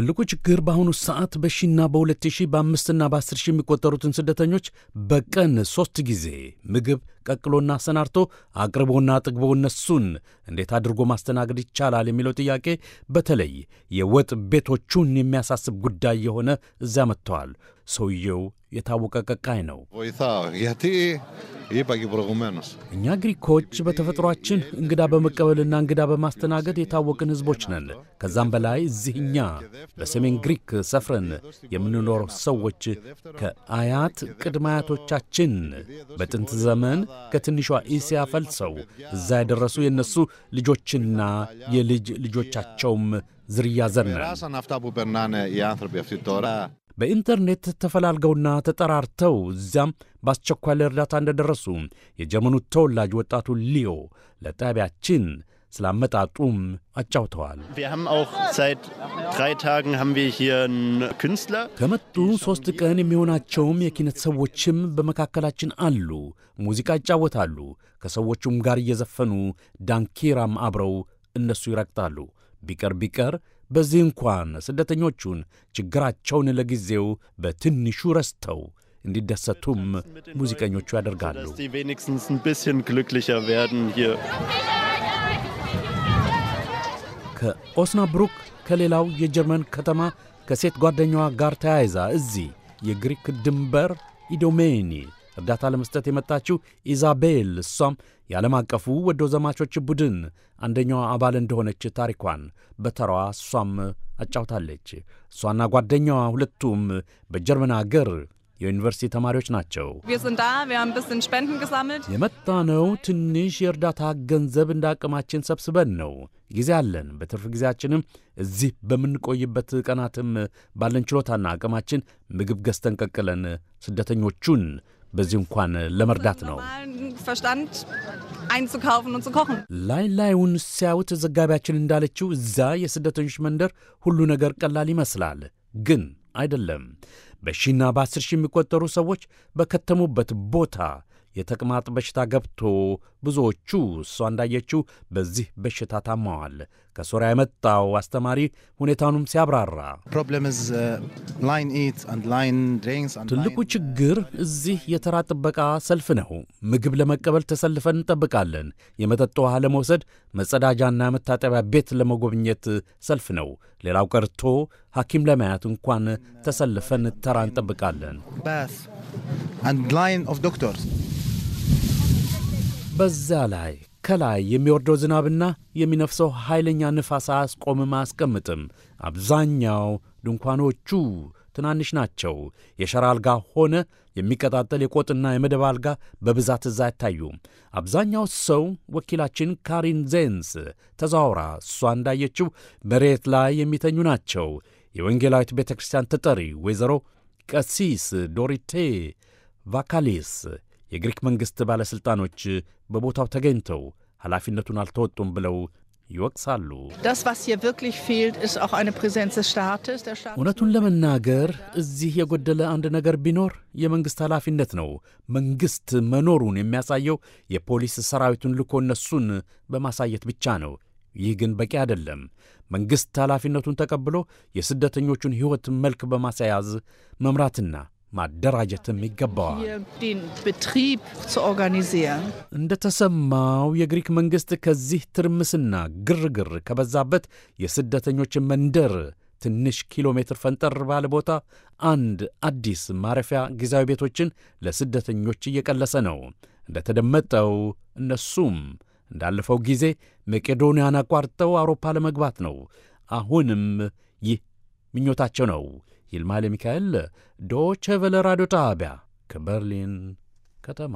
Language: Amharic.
ትልቁ ችግር በአሁኑ ሰዓት በሺና በሁለት ሺህ በአምስትና በአስር ሺህ የሚቆጠሩትን ስደተኞች በቀን ሦስት ጊዜ ምግብ ቀቅሎና አሰናርቶ አቅርቦና አጥግቦ እነሱን እንዴት አድርጎ ማስተናገድ ይቻላል የሚለው ጥያቄ በተለይ የወጥ ቤቶቹን የሚያሳስብ ጉዳይ የሆነ እዚያ መጥተዋል። ሰውየው የታወቀ ቀቃይ ነው። እኛ ግሪኮች በተፈጥሯችን እንግዳ በመቀበልና እንግዳ በማስተናገድ የታወቅን ሕዝቦች ነን። ከዛም በላይ እዚህ እኛ በሰሜን ግሪክ ሰፍረን የምንኖረው ሰዎች ከአያት ቅድመ አያቶቻችን በጥንት ዘመን ከትንሿ እስያ ፈልሰው እዛ የደረሱ የእነሱ ልጆችና የልጅ ልጆቻቸውም ዝርያ ዘር በኢንተርኔት ተፈላልገውና ተጠራርተው እዚያም በአስቸኳይ ለእርዳታ እንደደረሱ የጀርመኑ ተወላጅ ወጣቱ ሊዮ ለጣቢያችን ስላመጣጡም አጫውተዋል። ከመጡ ሦስት ቀን የሚሆናቸውም የኪነት ሰዎችም በመካከላችን አሉ። ሙዚቃ ይጫወታሉ። ከሰዎቹም ጋር እየዘፈኑ ዳንኪራም አብረው እነሱ ይረግጣሉ። ቢቀር ቢቀር በዚህ እንኳን ስደተኞቹን ችግራቸውን ለጊዜው በትንሹ ረስተው እንዲደሰቱም ሙዚቀኞቹ ያደርጋሉ። ከኦስናብሩክ ከሌላው የጀርመን ከተማ ከሴት ጓደኛዋ ጋር ተያይዛ እዚህ የግሪክ ድንበር ኢዶሜኒ እርዳታ ለመስጠት የመጣችው ኢዛቤል እሷም የዓለም አቀፉ ወዶ ዘማቾች ቡድን አንደኛዋ አባል እንደሆነች ታሪኳን በተራዋ እሷም አጫውታለች። እሷና ጓደኛዋ ሁለቱም በጀርመን አገር የዩኒቨርሲቲ ተማሪዎች ናቸው። የመጣነው ትንሽ የእርዳታ ገንዘብ እንደ አቅማችን ሰብስበን ነው። ጊዜ አለን። በትርፍ ጊዜያችንም እዚህ በምንቆይበት ቀናትም ባለን ችሎታና አቅማችን ምግብ ገዝተን ቀቅለን ስደተኞቹን በዚህ እንኳን ለመርዳት ነው። ላይ ላዩን ሲያዩት ዘጋቢያችን እንዳለችው እዛ የስደተኞች መንደር ሁሉ ነገር ቀላል ይመስላል፣ ግን አይደለም። በሺና በአስር ሺህ የሚቆጠሩ ሰዎች በከተሙበት ቦታ የተቅማጥ በሽታ ገብቶ ብዙዎቹ እሷ እንዳየችው በዚህ በሽታ ታማዋል። ከሶሪያ የመጣው አስተማሪ ሁኔታውንም ሲያብራራ uh, ትልቁ uh, ችግር እዚህ የተራ ጥበቃ ሰልፍ ነው። ምግብ ለመቀበል ተሰልፈን እንጠብቃለን። የመጠጥ ውሃ ለመውሰድ መጸዳጃና መታጠቢያ ቤት ለመጎብኘት ሰልፍ ነው። ሌላው ቀርቶ ሐኪም ለማያት እንኳን ተሰልፈን ተራ እንጠብቃለን። በዚያ ላይ ከላይ የሚወርደው ዝናብና የሚነፍሰው ኃይለኛ ንፋስ አያስቆምም አያስቀምጥም። አብዛኛው ድንኳኖቹ ትናንሽ ናቸው። የሸራ አልጋ ሆነ የሚቀጣጠል የቆጥና የመደብ አልጋ በብዛት እዛ አይታዩም። አብዛኛው ሰው ወኪላችን ካሪን ዜንስ ተዛውራ እሷ እንዳየችው መሬት ላይ የሚተኙ ናቸው። የወንጌላዊት ቤተ ክርስቲያን ተጠሪ ወይዘሮ ቀሲስ ዶሪቴ ቫካሌስ የግሪክ መንግሥት ባለሥልጣኖች በቦታው ተገኝተው ኃላፊነቱን አልተወጡም ብለው ይወቅሳሉ። እውነቱን ለመናገር እዚህ የጎደለ አንድ ነገር ቢኖር የመንግሥት ኃላፊነት ነው። መንግሥት መኖሩን የሚያሳየው የፖሊስ ሰራዊቱን ልኮ እነሱን በማሳየት ብቻ ነው። ይህ ግን በቂ አይደለም። መንግሥት ኃላፊነቱን ተቀብሎ የስደተኞቹን ሕይወት መልክ በማስያዝ መምራትና ማደራጀትም ይገባዋል። እንደተሰማው የግሪክ መንግሥት ከዚህ ትርምስና ግርግር ከበዛበት የስደተኞች መንደር ትንሽ ኪሎ ሜትር ፈንጠር ባለ ቦታ አንድ አዲስ ማረፊያ ጊዜያዊ ቤቶችን ለስደተኞች እየቀለሰ ነው። እንደተደመጠው እነሱም እንዳለፈው ጊዜ መቄዶንያን አቋርጠው አውሮፓ ለመግባት ነው። አሁንም ይህ ምኞታቸው ነው። ይልማ ሚካኤል ዶቼ ቬለ ራዲዮ ጣቢያ ከበርሊን ከተማ